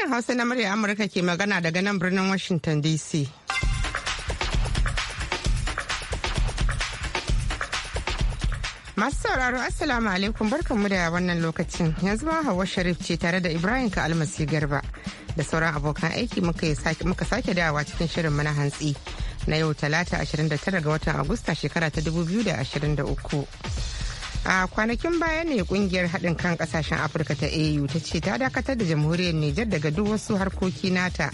Sashen Hausa na murya Amurka ke magana daga nan birnin Washington DC. Masu sauraro Assalamu alaikum barkanmu da wannan lokacin yanzu ma hawa Sharif ce tare da Ibrahim ka almasi garba da sauran abokan aiki muka sake dawowa cikin shirin mana hantsi na yau talata 29 ga watan Agusta shekara ta 2023. a kwanakin baya ne kungiyar haɗin kan ƙasashen afirka ta au ta ce ta dakatar da jamhuriyar nijar daga duk wasu harkoki nata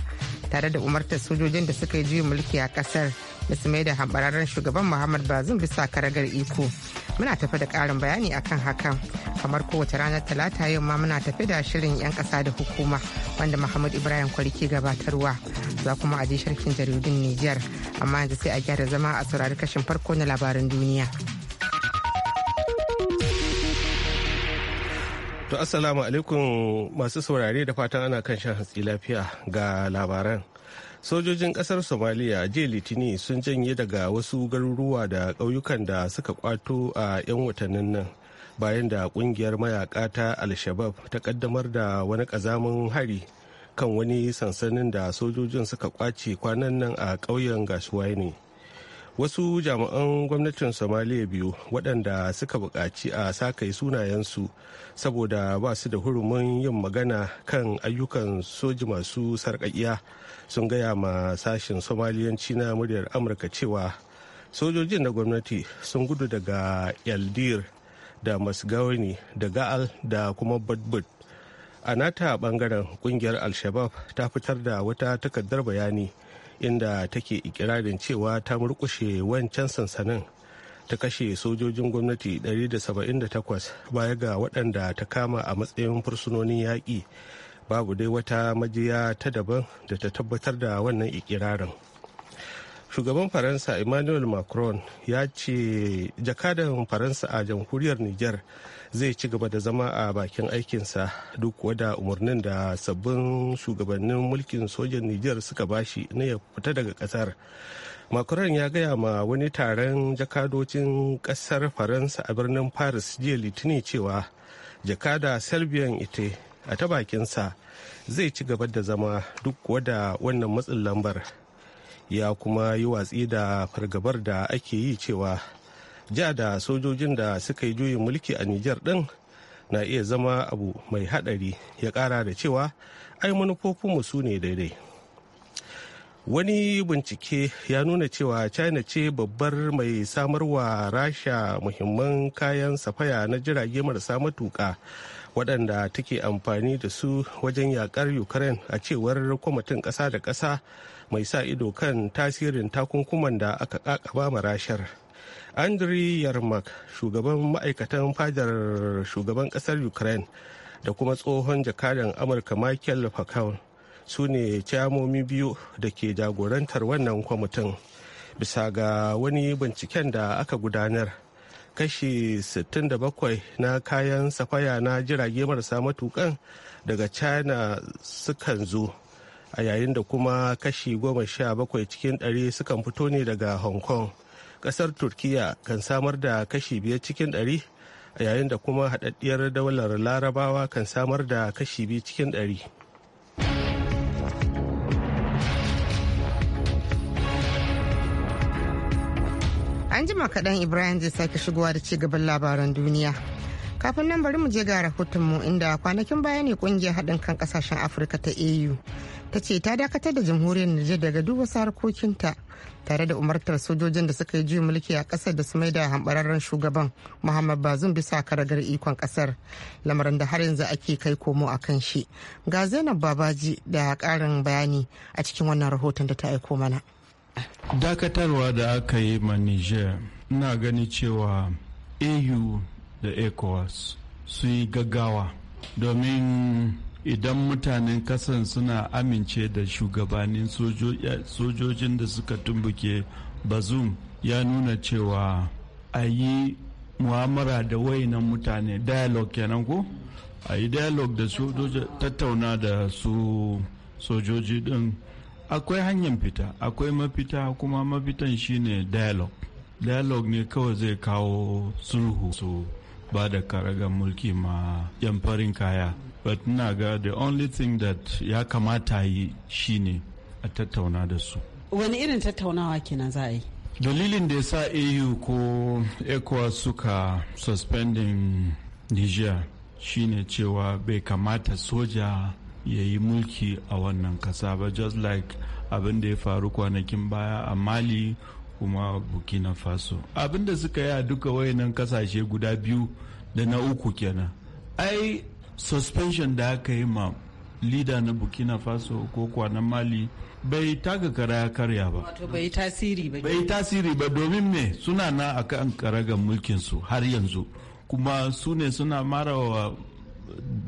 tare da umartar sojojin da suka yi juyin mulki a ƙasar da su mai da hambararren shugaban muhammad bazin bisa karagar iko muna tafi da ƙarin bayani akan hakan kamar kowace ranar talata yau ma muna tafi da shirin 'yan ƙasa da hukuma wanda muhammad ibrahim kwari ke gabatarwa za kuma a ji sharhin jaridun nijar amma yanzu sai a gyara zama a saurari kashin farko na labaran duniya. To assalamu alaikum masu saurare da fatan ana kan shan hatsi lafiya ga labaran. Sojojin kasar Somaliya jiya Litini sun janye daga wasu garuruwa da ƙauyukan da suka kwato a 'yan watannin nan bayan da kungiyar mayaka ta al ta kaddamar da wani kazamin hari kan wani sansanin da sojojin suka kwace kwanan nan a ƙauyen Gashuwaini. ne. wasu jami'an gwamnatin somaliya biyu waɗanda suka buƙaci a sakai sunayensu saboda ba su da hurumin yin magana kan ayyukan soji masu sarƙaƙiya sun gaya ma sashen somaliyanci na muryar amurka cewa sojojin na gwamnati sun gudu daga yaldir da masgauni da ga'al da kuma badbud a nata ɓangaren ƙungiyar al ta fitar da wata takardar bayani inda take ikirarin cewa ta murkushe wancan sansanin ta kashe sojojin gwamnati 178 baya ga waɗanda ta kama a matsayin fursunonin yaƙi babu dai wata majiya ta daban da ta tabbatar da wannan ikirarin shugaban faransa emmanuel macron ya ce jakadan faransa a jamhuriyar niger zai ci gaba da zama a bakin aikinsa duk wada umarnin da sabbin shugabannin mulkin sojan niger suka bashi na ya fita daga kasar macron ya gaya ma wani taron jakadocin kasar faransa a birnin paris jiya litinin cewa jakada selbian ite a ta bakinsa zai ci gaba da zama duk wada wannan matsin lambar ya kuma yi watsi da fargabar da ake yi cewa ja da sojojin da suka yi juyin mulki a Nijar ɗin na iya zama abu mai haɗari ya ƙara da cewa ai manufofinmu su ne daidai. Wani bincike ya nuna cewa China ce babbar mai samarwa rasha muhimman kayan safaya na jirage marasa matuƙa waɗanda take amfani da su wajen yaƙar Ukraine a cewar kwamitin ƙasa da ƙasa mai sa ido kan tasirin takunkuman da aka kakaba ma rashar andriy yarmak shugaban ma'aikatan fadar shugaban kasar ukraine da kuma tsohon jakadan amurka michael mccown su ne camomi biyu da ke jagorantar wannan kwamitin bisa ga wani binciken da aka gudanar kashi 67 na kayan safaya na jirage marasa matukan daga china sukan zo a yayin da kuma kashi goma sha bakwai cikin ɗari sukan fito ne daga hong kong ƙasar turkiya kan samar da kashi biyar cikin ɗari a yayin da kuma haɗaɗɗiyar daular larabawa kan samar da kashi biyu cikin ɗari an jima kaɗan ibrahim zai sake shigowa da ci gaban labaran duniya kafin nan bari mu je ga rahoton mu inda kwanakin baya ne kungiyar haɗin kan ƙasashen afirka ta au ta ce ta dakatar da jamhuriyar Nijar daga duk wasu harkokinta tare da umartar sojojin da suka yi juyin mulki a kasar da su mai da hambararren shugaban Muhammad Bazoum bisa karagar ikon kasar lamarin da har yanzu ake kai komo a kan shi. Ga Zainab Babaji da karin bayani a cikin wannan rahoton da ta aiko mana. Dakatarwa da aka yi ma Nijar ina gani cewa AU da ECOWAS su yi gaggawa domin idan mutanen kasan suna amince da shugabannin sojojin da suka tumbuke bazum ya nuna cewa a yi mu'amara da wayanan mutane dialogue kenan ko a yi dialogue da sojoji tattauna da su sojoji din akwai hanyar fita akwai mafita kuma mafitan shine dialogue dialogue ne kawai zai kawo sulhu su ba da karagar mulki ma yan farin kaya but na ga the only thing that ya kamata yi shine a tattauna da su wani irin tattaunawa kenan za a yi dalilin da ya sa au ko ecowas suka suspending niger shine cewa bai kamata soja ya yi mulki a wannan kasa ba just like abin da ya faru kwanakin baya a mali kuma burkina faso abin da suka yi a duka wayannan kasashe guda biyu da na uku kenan ai suspension da aka yi ma lida na burkina faso ko kuwa na mali bai taga kara ya karya ba bai tasiri ba domin me suna na akan karagar mulkin su har yanzu kuma su ne suna mara wa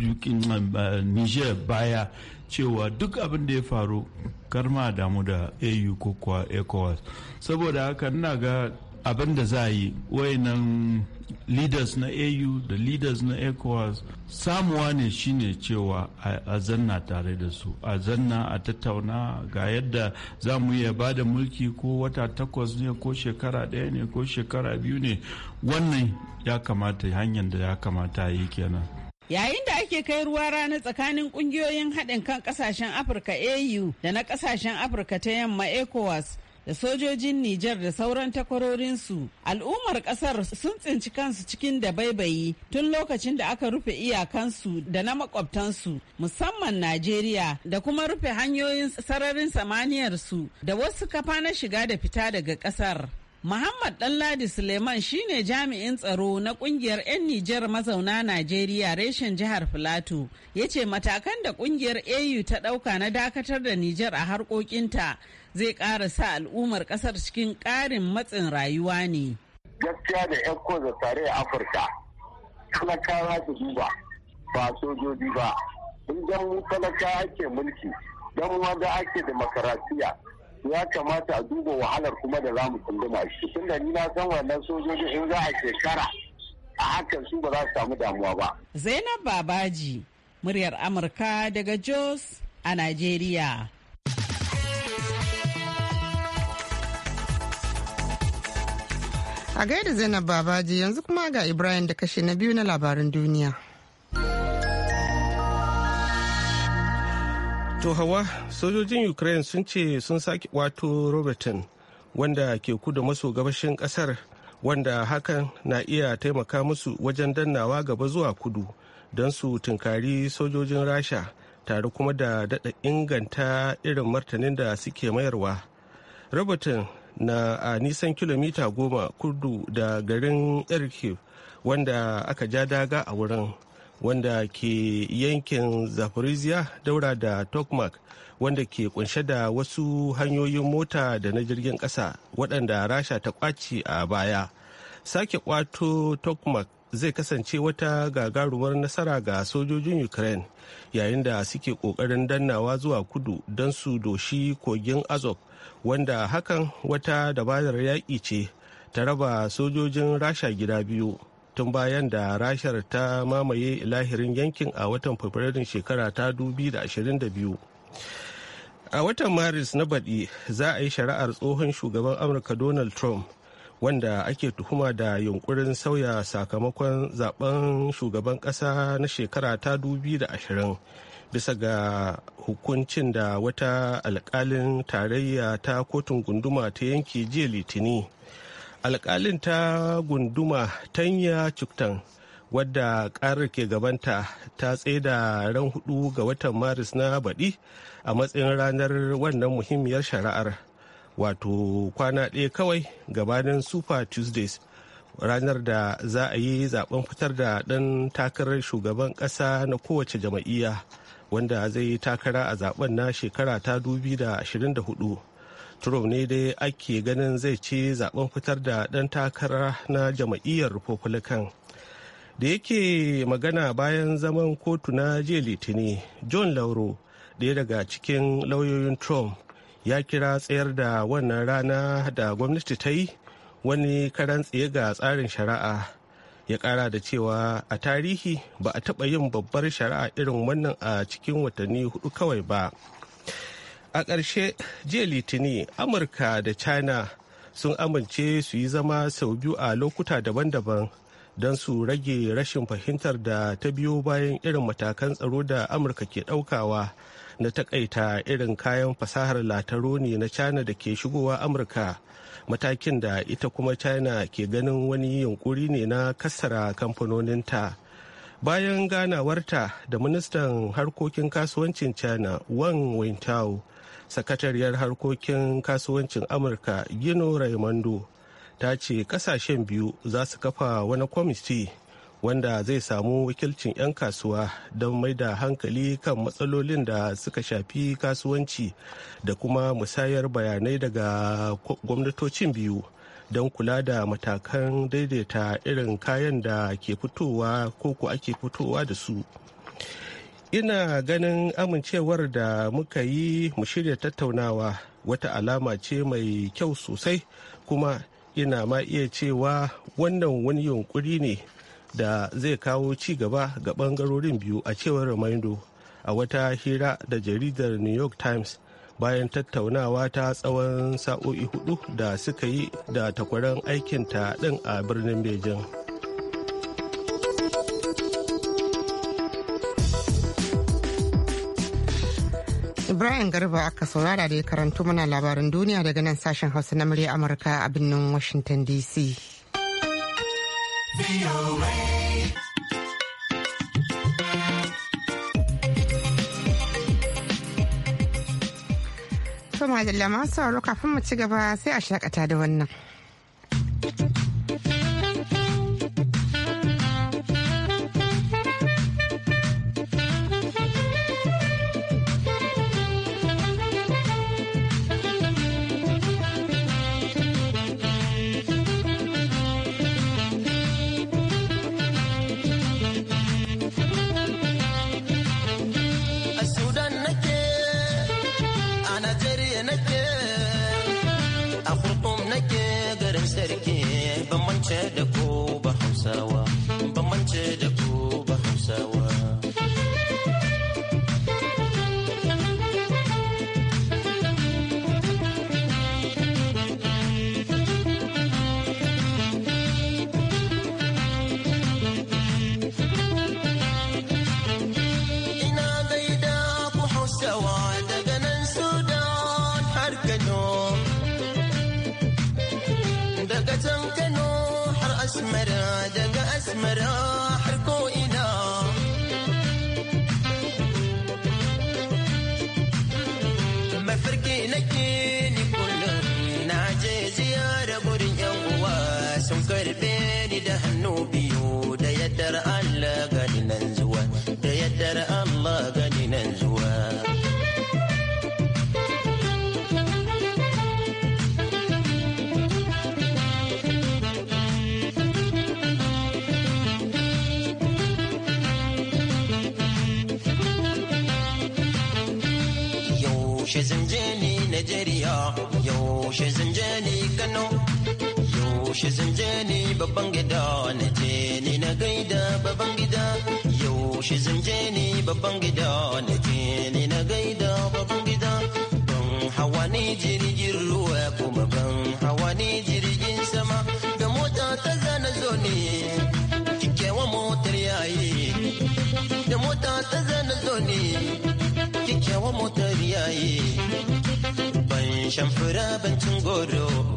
eh, niger baya cewa duk abin da ya faru karma damu da au ko kuwa ecowas saboda haka ina ga abin da za a yi wayannan leaders na au da leaders na ecowas samuwa ne shine cewa a zanna tare da su a zanna a tattauna ga yadda za mu iya ba da mulki ko wata takwas ne ko shekara ɗaya ne ko shekara biyu ne wannan ya kamata hanyar da ya kamata yi kenan Yayin da ake kai ruwa rana tsakanin kungiyoyin haɗin kan ƙasashen Afirka AU da na ƙasashen Afirka ta yamma ECOWAS da sojojin Nijar da sauran takwarorinsu. Al'ummar kasar sun tsinci kansu cikin da baibayi tun lokacin da aka rufe iyakansu da na makwabtansu musamman Najeriya da kuma rufe hanyoyin sararin samaniyarsu da wasu kafa na shiga da fita daga kasar. Muhammad Danladi Suleiman shine jami'in tsaro na kungiyar 'yan Nijar mazauna Najeriya reshen jihar Filato ya ce matakan da kungiyar AU ta ɗauka na dakatar da Nijar a harkokinta zai ƙara sa al'ummar ƙasar cikin ƙarin matsin rayuwa ne. Gaskiya da 'yan da tare a Afirka, talakawa su duba ba sojoji ba, in dan mu talaka ake mulki, dan wanda ake demokarasiya ya kamata a duba wahalar kuma da za tunduma shi. Tunda ni na san wannan sojoji in za a shekara a hakan su ba za su samu damuwa ba. Zainab Babaji, muryar Amurka daga Jos a Najeriya. A gaida Zainab Babaji yanzu kuma ga Ibrahim da kashe na biyu na labarin duniya. To hawa sojojin Ukraine sun ce sun sake wato Robertson wanda ke kudu maso gabashin kasar wanda hakan na iya taimaka musu wajen dannawa gaba zuwa kudu don su tunkari sojojin rasha tare kuma da daɗa inganta irin martanin da suke mayarwa. Robertson na a nisan kilomita goma kudu da garin irkiv wanda aka ja daga a wurin wanda ke yankin zaporizhia daura da tokmak wanda ke kunshe da wasu hanyoyin mota da na jirgin kasa waɗanda rasha ta kwaci a baya sake kwato tokmak zai kasance wata gagarumar nasara ga sojojin ukraine yayin da suke kokarin dannawa zuwa kudu don su doshi kogin azov wanda hakan wata dabarar yaƙi ce ta raba sojojin rasha gida biyu tun bayan da rashar ta mamaye lahirin yankin a watan fabrairun shekara ta biyu. a watan maris na baɗi za a yi shari'ar tsohon shugaban amurka donald trump wanda ake tuhuma da yunkurin sauya sakamakon zaben shugaban ƙasa na shekara ta ashirin bisa ga hukuncin da wata alkalin tarayya ta kotun gunduma ta yanke jiya litini alkalin ta gunduma tanya cuktan wadda karar ke gabanta ta tsaida ran hudu ga watan maris na baɗi a matsayin ranar wannan muhimmiyar shari'ar wato kwana ɗaya kawai gabanin super tuesdays ranar da za a yi zaben fitar da ɗan takarar shugaban ƙasa na kowace jama'iyya wanda zai yi takara a zaben na shekara ta 2024 trump ne dai ake ganin zai ci zaben fitar da ɗan takara na jama'iyyar republican da yake magana bayan zaman kotu na jiya litini john lauro ɗaya daga cikin lauyoyin trump ya kira tsayar da wannan rana da gwamnati ta yi wani karan tsaye ga tsarin shari'a ya kara da cewa a tarihi ba a taɓa yin babbar shari'a irin wannan a cikin watanni hudu kawai ba a ƙarshe jiya litini amurka da china sun amince su yi zama sau biyu a lokuta daban-daban don su rage rashin fahimtar da ta biyo bayan irin matakan tsaro da amurka ke ɗaukawa na takaita irin kayan fasahar lataroni na china da ke shigowa amurka matakin da ita kuma china ke ganin wani yunkuri ne na kassara kamfanoninta bayan ganawarta da ministan harkokin kasuwancin china wang wintao sakatariyar harkokin kasuwancin amurka gino raimondo ta ce kasashen biyu za su kafa wani kwamiti wanda zai samu wakilcin 'yan kasuwa don mai da hankali kan matsalolin da suka shafi kasuwanci da kuma musayar bayanai daga gwamnatocin biyu don kula da matakan daidaita irin kayan da ke fitowa ko ku ake fitowa da su ina ganin amincewar da muka yi mu shirya tattaunawa wata alama ce mai kyau sosai kuma ina ma iya cewa wannan wani yunkuri ne da zai kawo ci gaba ga bangarorin biyu a cewar Ramaindo a wata hira da jaridar New York Times bayan tattaunawa ta tsawon sa'o'i hudu da suka yi da takwaran ta din a birnin Beijing. Ibrahim Garba aka saurara da ya karanto mana labarin duniya daga nan sashen Hausa na murya Amurka a birnin Washington DC. To Madalla sauro kafin mu ci gaba sai a shakata da wannan. mance da ko ba hausawa yaushe zan je ni babban gida na je ni na gaida babban gida yaushe zan je ni babban gida na je ni na gaida babban gida ban hawa ni jirgin ruwa kuma ban hawa ni jirgin sama da mota ta zana zo ne kikewa motar yayi da mota ta zana zo ne kikewa motar yayi ban shan fura ban cin goro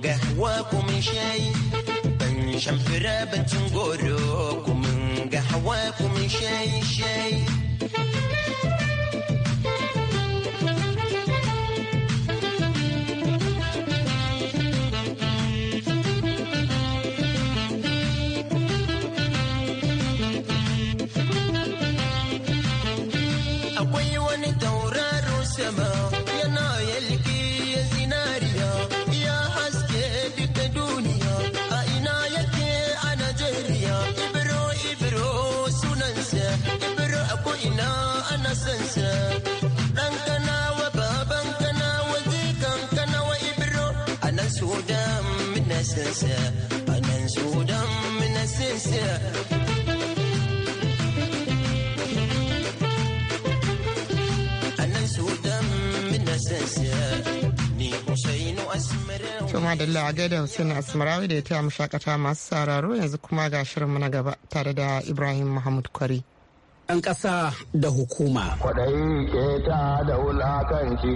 ga hawa kumin shayi ban shan fira ban cin goro kumin ga hawa kumin shayi shayi نسيا أنا نسودا Tuma a gaida Hussein Asmarawi da ya taya mu shakata masu sararo yanzu kuma ga shirinmu na gaba tare da Ibrahim Muhammad Kwari. Ɗan ƙasa da hukuma. Kwaɗayi ke ta da wulakanci,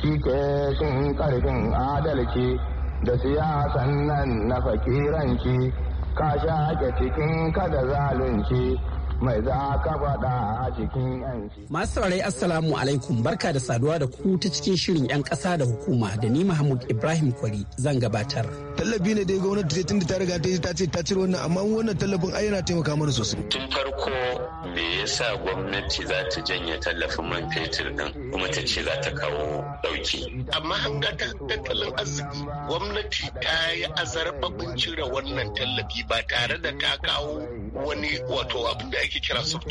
shi ke sun ƙarfin adalci. da siyasan nan na fakiranci ka shaƙe cikin kada zalunci mai za ka faɗa a cikin yanci. Masu saurari Assalamu alaikum barka da saduwa da ku ta cikin shirin 'yan ƙasa da hukuma da ni Mahmud Ibrahim Kwari zan gabatar. Tallafi ne dai gwamnati tun da ta riga ta ce ta cire wannan amma wannan tallafin ai yana taimaka mana sosai. Tun farko me yasa gwamnati za ta janye tallafin man fetur din kuma ta ce za ta kawo dauki. Amma an ga tattalin arziki gwamnati ta yi azarbabin cire wannan tallafi ba tare da ta kawo wani wato abu da ake kira soft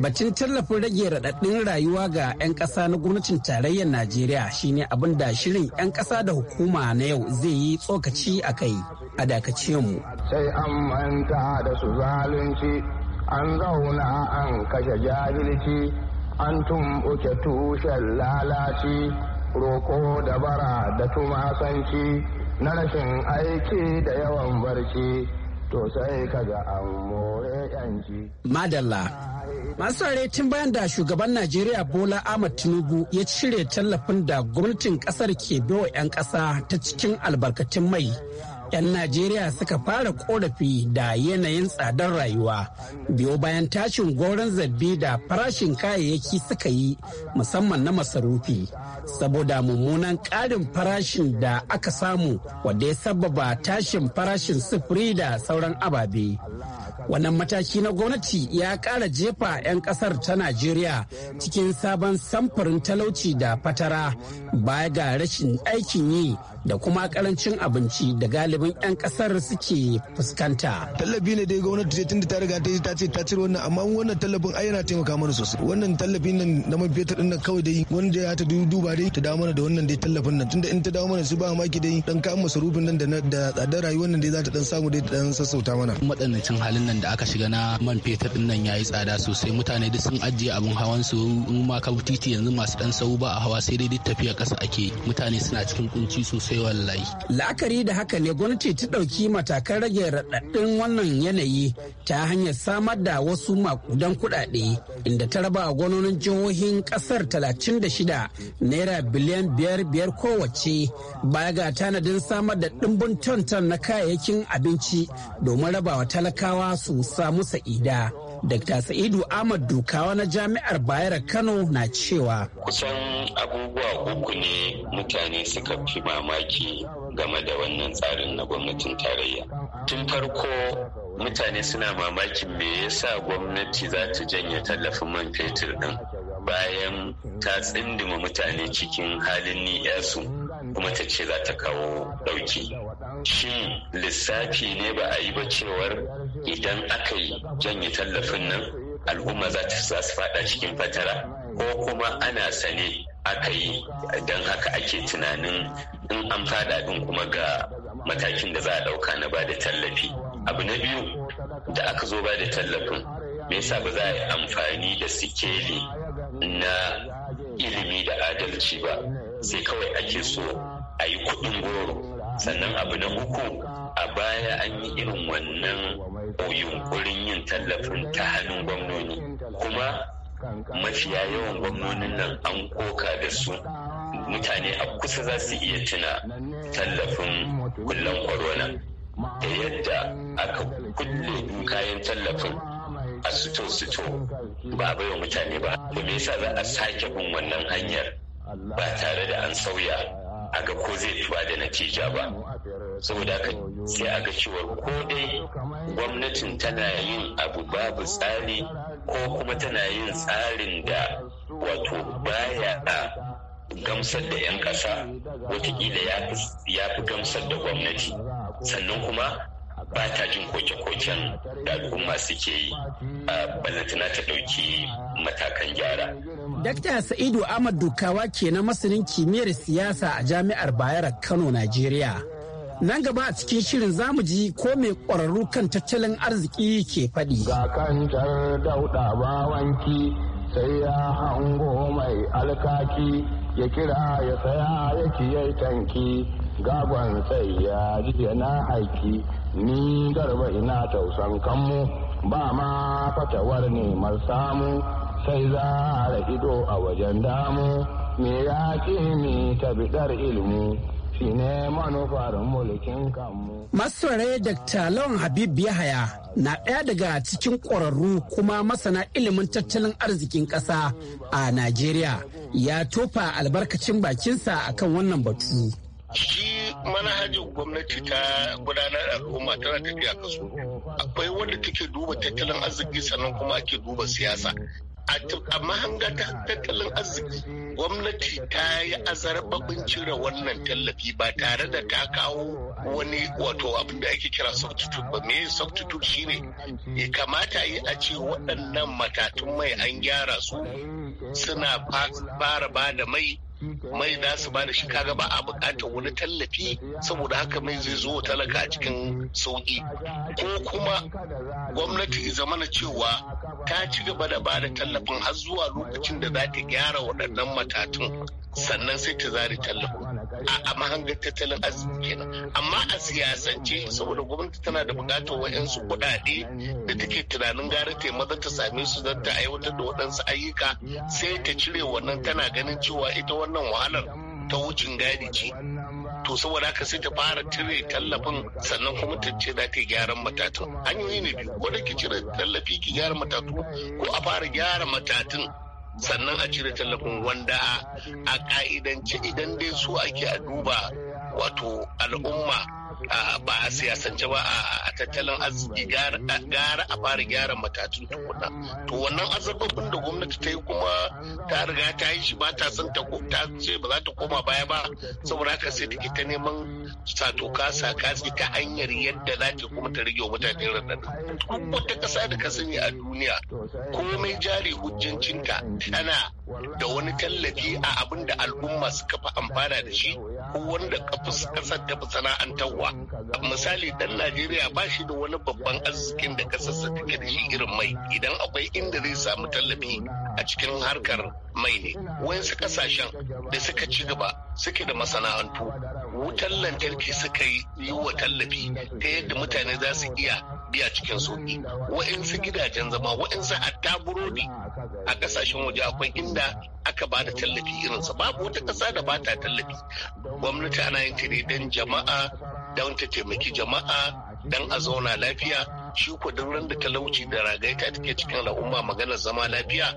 Bacin tallafin rage raɗaɗin rayuwa ga 'yan kasa na gwamnatin tarayyar Najeriya shine abin da shirin 'yan kasa da hukuma na yau zai yi tsokaci a kai a dakace mu. Sai an manta da su zalunci, an zauna an kashe jahilci, an tumɓuke tushen lalaci, roko da bara da tumasanci, na rashin aiki da yawan barci. to sai kaga an more yanci. Madalla. Masu sare tun bayan da shugaban Najeriya Bola Ahmad Tinubu ya cire tallafin da gwamnatin kasar ke bewa 'yan kasa ta cikin albarkatun mai 'yan Najeriya suka fara korafi da yanayin tsadar rayuwa biyo bayan tashin goron zabi da farashin kayayyaki suka yi musamman na masarufi saboda mummunan ƙarin farashin da aka samu wadda ya sababa tashin farashin sufuri da sauran ababe. wannan mataki na gwamnati ya ƙara jefa 'yan ƙasar ta najeriya cikin sabon samfurin talauci da fatara baya ga rashin aikin yi da kuma karancin abinci da galibin 'yan kasar suke fuskanta. Tallafi ne dai gwamnati ce tun da ta riga ta ta ce ta cire wannan amma wannan tallafin ai yana taimaka mana sosai. Wannan tallafin nan na man fetur din nan kawai dai wanda ya ta duba dai ta dawo mana da wannan dai tallafin nan tunda in ta dawo mana su ba maki dai dan kayan masarufin nan da da tsadar rayuwar nan dai za ta dan samu dai ta dan sassauta mana. Madannacin halin nan da aka shiga na man fetur din nan yayi tsada sosai mutane duk sun ajiye abun hawan su in ma ka titi yanzu masu dan sau ba a hawa sai dai duk tafiya kasa ake mutane suna cikin kunci sosai Eh, wallahi. La'akari da haka ne gwamnati ta ɗauki matakan rage raɗaɗin wannan yanayi ta hanyar samar da wasu makudan kuɗaɗe inda ta raba gwanonin jihohin ƙasar 36 naira biliyan biyar biyar kowace baya ga tanadin samar da ɗimbin ton na kayayyakin abinci domin rabawa talakawa su samu sa'ida. Dr. Sa'idu Ahmad Dukawa na Jami'ar Bayero Kano na cewa. Kusan abubuwa uku ne mutane suka fi mamaki game da wannan tsarin na gwamnatin tarayya. Tun farko mutane suna mamakin me yasa gwamnati za ta janye tallafin man fetur ɗin bayan ta tsindima mutane cikin halin ni'yasu kuma ta ce za ta kawo ɗauki. shin lissafi ne ba a yi ba cewar idan aka yi janye tallafin nan al'umma za ta su fada cikin fatara ko kuma ana sane aka yi don haka ake tunanin in an fada din kuma ga matakin da za a dauka na ba da tallafi abu na biyu da aka zo ba da tallafin me yasa ba za a yi amfani da sikeli na ilimi da adalci ba sai kawai ake so a yi kudin goro sannan abu na uku a baya an yi irin wannan yunkurin yin tallafin ta hannun gwamnoni kuma mafiya yawan gwamnonin nan an koka da su mutane a kusa za su iya tuna tallafin kullum corona da yadda aka kulle kayan tallafin a sito-sito ba a baiwa mutane ba da yasa za a sake bin wannan hanyar ba tare da an sauya a ga ko zai tuba da natija ba saboda haka sai a ga cewa ko dai gwamnatin tana yin abu babu tsari ko kuma tana yin tsarin da wato baya a gamsar da 'yan ƙasa watakila ya fi gamsar da gwamnati sannan kuma ba ta jin koke-koken da al'umma suke yi a ta ɗauki matakan gyara Dakta Sa'idu Ahmad Dukawa ke na masanin kimiyyar siyasa a Jami'ar Bayero Kano, Najeriya. Nan gaba a cikin shirin zamu ji ko mai ƙwararru kan tattalin arziki ke faɗi. Ga kancar dauɗa bawanki sai ya hango mai alkaki ya kira ya saya ya kiye tanki gagon sai ya ji yana aiki, ni garba ina tausan kanmu ba ma fatawar neman samu sai za a ido a wajen damu me ya ni ta bidar ilmu shine manufar mulkin kanmu. Masore Dr. Lawan Habib Yahaya na ɗaya daga cikin ƙwararru kuma masana ilimin tattalin arzikin ƙasa a Najeriya ya tofa albarkacin bakinsa akan wannan batu. Shi manhajin gwamnati ta gudanar al'umma tana tafiya kasu. Akwai wanda take duba tattalin arziki sannan kuma ake duba siyasa. a mahanga ta tattalin arziki gwamnati ta yi azarbabin cire wannan tallafi ba tare da ta kawo wani wato abin da ake kira substitute ba me substitute shine ya kamata yi a ce waɗannan matatun mai an gyara su suna fara ba da mai mai za su bada shi kaga ba a bukatar wani tallafi saboda haka mai zai zo talaka cikin sauki ko kuma gwamnati zamana cewa ta ci gaba da bada tallafin har zuwa lokacin da za ta gyara waɗannan matatun sannan sai ta zari tallafin a mahangar tattalin arziki kenan amma a siyasance saboda gwamnati tana da bukatar wa'yansu kuɗaɗe da take tunanin gara ta maza ta same su don ta aiwatar da waɗansu ayyuka sai ta cire wannan tana ganin cewa ita wannan wahalar ta wucin gadi ce to saboda haka sai ta fara cire tallafin sannan kuma ta ce za ta gyaran matatun hanyoyi ne biyu ko da ki cire tallafi ki gyara matatu ko a fara gyara matatun sannan a cire tallafin wanda a ka'idance idan dai su ake a duba wato al'umma ba a siyasance ba a tattalin arziki gara a fara gyara matatun tukuna to wannan azababin da gwamnati ta yi kuma ta riga ta yi shi ba ta san ta ce ba za ta koma baya ba saboda haka sai take ta neman sa sakatsi ta hanyar yadda za ta kuma ta rage wa mutane raɗaɗi duk wata ƙasa da ka sani a duniya komai jari hujjancinta tana da wani tallafi a abin da al'umma suka fi amfana da shi ko wanda ƙasar ta fi sana'antar A misali dan najeriya ba shi da wani babban arzikin da sa take da shi irin mai idan akwai inda zai samu tallafi a cikin harkar mai ne su kasashen da suka ci gaba suke da masana'antu wutar lantarki suka yi wa tallafi ta yadda mutane za su iya biya cikin sauki wa'insu gidajen zama wa'insu hatta burodi a kasashen waje akwai inda aka ba da tallafi irinsa babu wata ƙasa da ba ta tallafi gwamnati ana yin ne don jama'a don ta taimaki jama'a don a zauna lafiya shi ko duk randa da talauci da ragaita take cikin al'umma magana zama lafiya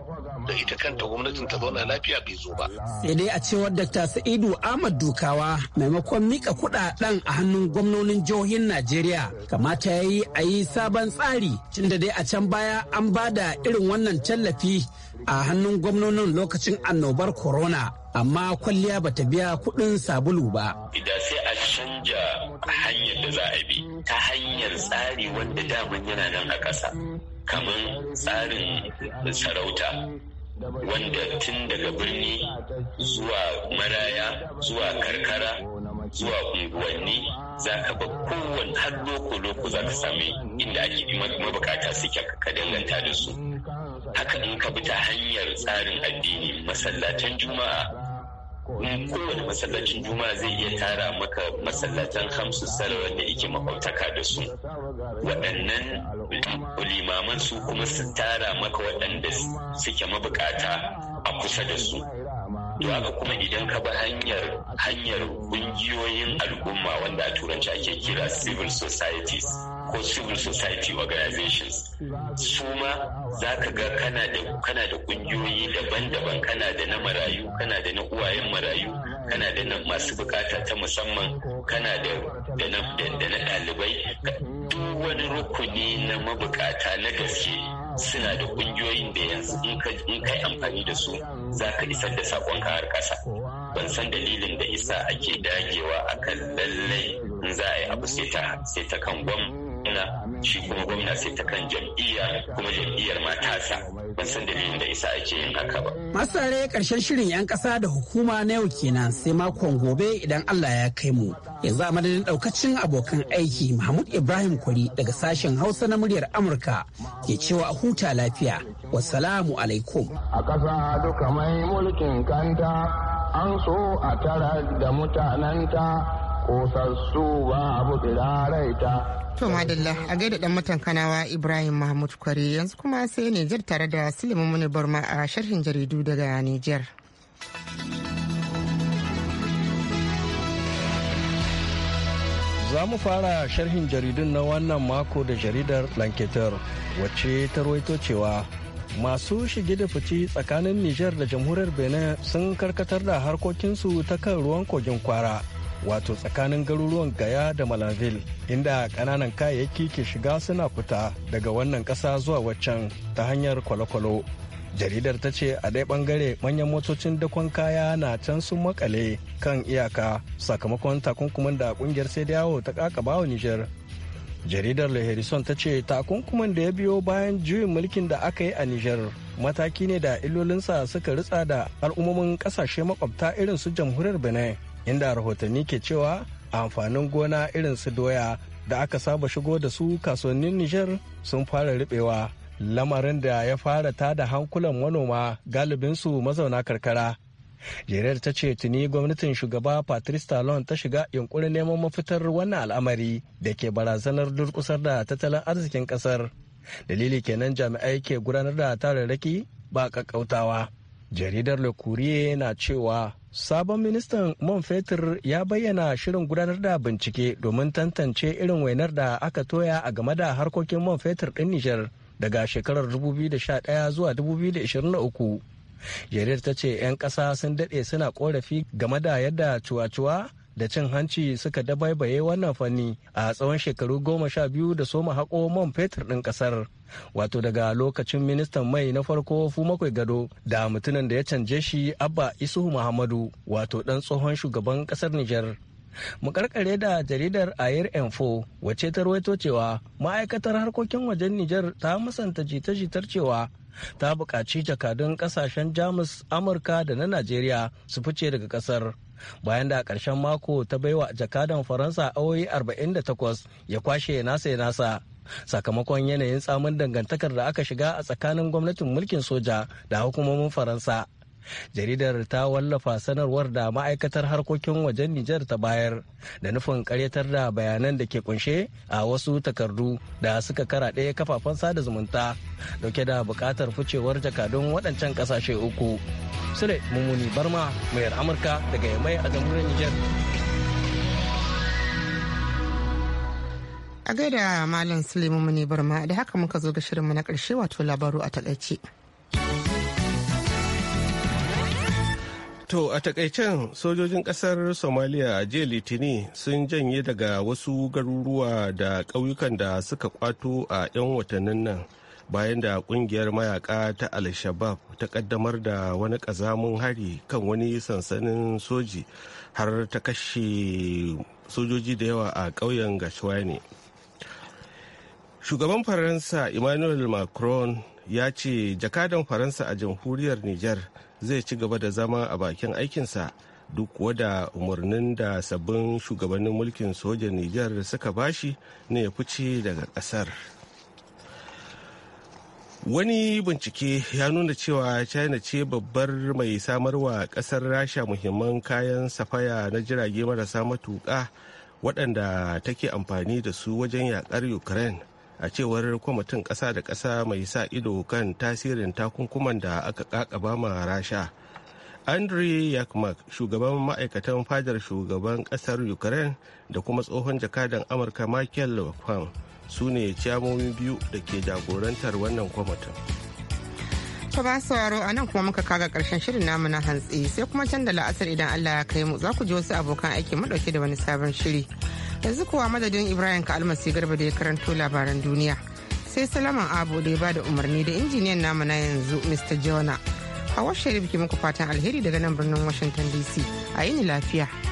da ita kanta gwamnatin ta zauna lafiya bai zo ba. Sai dai a cewar Dr. Sa'idu Ahmad Dukawa maimakon mika kuɗaɗen a hannun gwamnonin jihohin Najeriya kamata ya yi a yi sabon tsari tunda dai a can baya an bada irin wannan tallafi a hannun gwamnonin lokacin annobar corona amma kwalliya bata biya kuɗin sabulu ba. Idan sai a canja hanyar da za a bi ta hanyar tsari wanda daman yana nan a ƙasa kamar tsarin sarauta wanda tun daga birni zuwa maraya zuwa karkara zuwa unguwanni za ka ba kowane har loko-loko za ka sami inda ake mabukata suke ka danganta da su haka in ka bi ta hanyar tsarin addini masallatan juma'a kowane masallacin juma'a zai iya tara maka masallatan hamsin salawar da ike makwabtaka da su waɗannan limaman su kuma su tara maka waɗanda suke mabukata a kusa da su to haka kuma idan ka bi hanyar hanyar ƙungiyoyin al'umma wanda a turanci ake kira civil societies ko civil society organizations su ma za ka ga kana da kana da kungiyoyi daban-daban kana da na marayu kana da na uwayen marayu kana da na masu bukata ta musamman kana da da na ɗalibai duk wani rukuni na mabukata na gaske suna da kungiyoyin da yanzu in kai amfani da su za ka isar da saƙon har ƙasa ban san dalilin da isa ake dagewa akan lallai in za a yi abu sai ta kan gwam gwamna shi kuma gwamna sai ta kan jam'iyya kuma jam'iyyar matasa ban san dalilin da isa ake yin haka ba. Masare karshen shirin 'yan kasa da hukuma na yau kenan sai makon gobe idan Allah ya kai mu. Yanzu a madadin daukacin abokan aiki Mahmud Ibrahim Kwari daga sashen Hausa na muryar Amurka ke cewa a huta lafiya. wasalamu alaikum. A ƙasa duka mai mulkin kanta an so a tara da mutanenta. ba abu tsiraraita. To madalla a gaida dan mutan kanawa Ibrahim Mahmud kware yanzu kuma sai Nijar tare da silimin Muni Barma a sharhin jaridu daga Nijar. Za mu fara sharhin jaridun na wannan mako da jaridar Lanketer wacce ta rawaito cewa masu shige da fice tsakanin Nijar da jamhuriyar Benin sun karkatar da harkokinsu ta kan ruwan kogin kwara. wato tsakanin garuruwan gaya da malaville inda kananan kayayyaki ke shiga suna fita daga wannan ƙasa zuwa waccan ta hanyar kwalokwalo jaridar ta ce a ɗaya ɓangare manyan motocin dakon kaya na can sun makale kan iyaka sakamakon takunkuman da kungiyar sai da yawo ta bawa nijar jaridar le harrison ta ce takunkuman da ya biyo bayan juyin mulkin da aka yi a nijar mataki ne da illolinsa suka ritsa da al'ummomin kasashe makwabta irin su jamhuriyar benin inda rahotanni ke cewa amfanin gona irin su doya da aka saba shigo da su kasuwannin Nijar sun fara ribewa lamarin da ya fara ta da hankulan manoma galibinsu mazauna karkara. jaridar ta ce tuni gwamnatin shugaba patrice talon ta shiga yunkurin neman mafitar wannan al'amari da ke barazanar durkusar da tattalin arzikin kasar dalili kenan jami'ai ke gudanar da tararraki ba kakkautawa jaridar le na cewa Sabon ministan man fetur ya bayyana shirin gudanar da bincike domin tantance irin wainar da aka toya a game da harkokin man fetur ɗin Nijar daga shekarar 2011 zuwa 2023. Jarir ta ce 'yan ƙasa sun daɗe suna ƙorafi game da yadda cuwa-cuwa da cin hanci suka dabaibaye wannan fanni a tsawon shekaru goma sha biyu da soma haƙo man fetur ɗin ƙasar wato daga lokacin ministan mai na farko makwai gado da mutumin da ya canje shi abba isuhu muhammadu wato ɗan tsohon shugaban ƙasar nijar mu karkare da jaridar ayer info wacce ta rawaito cewa ma'aikatar harkokin wajen nijar ta musanta jita-jitar cewa ta buƙaci jakadun ƙasashen jamus amurka da na najeriya su fice daga ƙasar bayan da a ƙarshen mako ta baiwa jakadan faransa awoyi 48 ya kwashe nasa ya nasa sakamakon yanayin tsamin dangantakar da aka shiga a tsakanin gwamnatin mulkin soja da hukumomin faransa jaridar ta wallafa sanarwar da ma'aikatar harkokin wajen nijar ta bayar da nufin karyatar da bayanan da ke kunshe a wasu takardu da suka kara ɗaya kafafen sada zumunta dauke da buƙatar ficewar jakadun waɗancan ƙasashe uku sule mummuni barma mayar amurka daga yamai a jamhuriyar nijar a gaida malam sule mummuni barma da haka muka zo ga shirinmu na ƙarshe wato labaru a takaice. To a takaicen sojojin kasar Somalia a jiya Litini sun janye daga wasu garuruwa da ƙauyukan da suka kwato a 'yan watannin nan bayan da kungiyar mayaka ta al ta kaddamar da wani kazamun hari kan wani sansanin soji har ta kashe sojoji da yawa a ƙauyen Gashwani. Shugaban Faransa Emmanuel Macron ya ce jakadan faransa a jamhuriyar niger zai ci gaba da zama a bakin aikinsa duk wada umarnin da sabbin shugabannin mulkin sojan niger suka bashi ne ya fice daga kasar wani bincike ya nuna cewa china ce babbar mai samarwa kasar rasha muhimman kayan safaya na jirage marasa matuka waɗanda take amfani da su wajen yaƙar ukraine a cewar kwamitin kasa da kasa mai sa ido kan tasirin takunkuman da aka kakaba ma rasha andre yakmak shugaban ma'aikatan fadar shugaban kasar ukraine da kuma tsohon jakadan amurka michael mcfam su ne ciyamomi biyu da ke jagorantar wannan kwamitin ta ba sauraro a nan kuma muka kaga karshen shirin namu na hantsi sai kuma can da la'asar idan Allah ya kai mu za ku ji wasu abokan aiki mu dauke da wani sabon shiri. yanzu kuwa madadin ibrahim ka almasi garba da ya karanto labaran duniya sai salaman abu da ya ba da umarni da injiniyan namu na yanzu mr jona a sharif ke muku fatan alheri daga nan birnin washington dc a yini lafiya